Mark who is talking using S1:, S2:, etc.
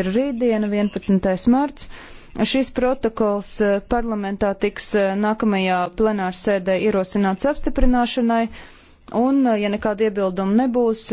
S1: ir rītdiena, 11. marts. Šis protokols eh, parlamentā tiks eh, nākamajā plenārsēdē ierosināts apstiprināšanai, un, eh, ja
S2: nekāda iebilduma nebūs,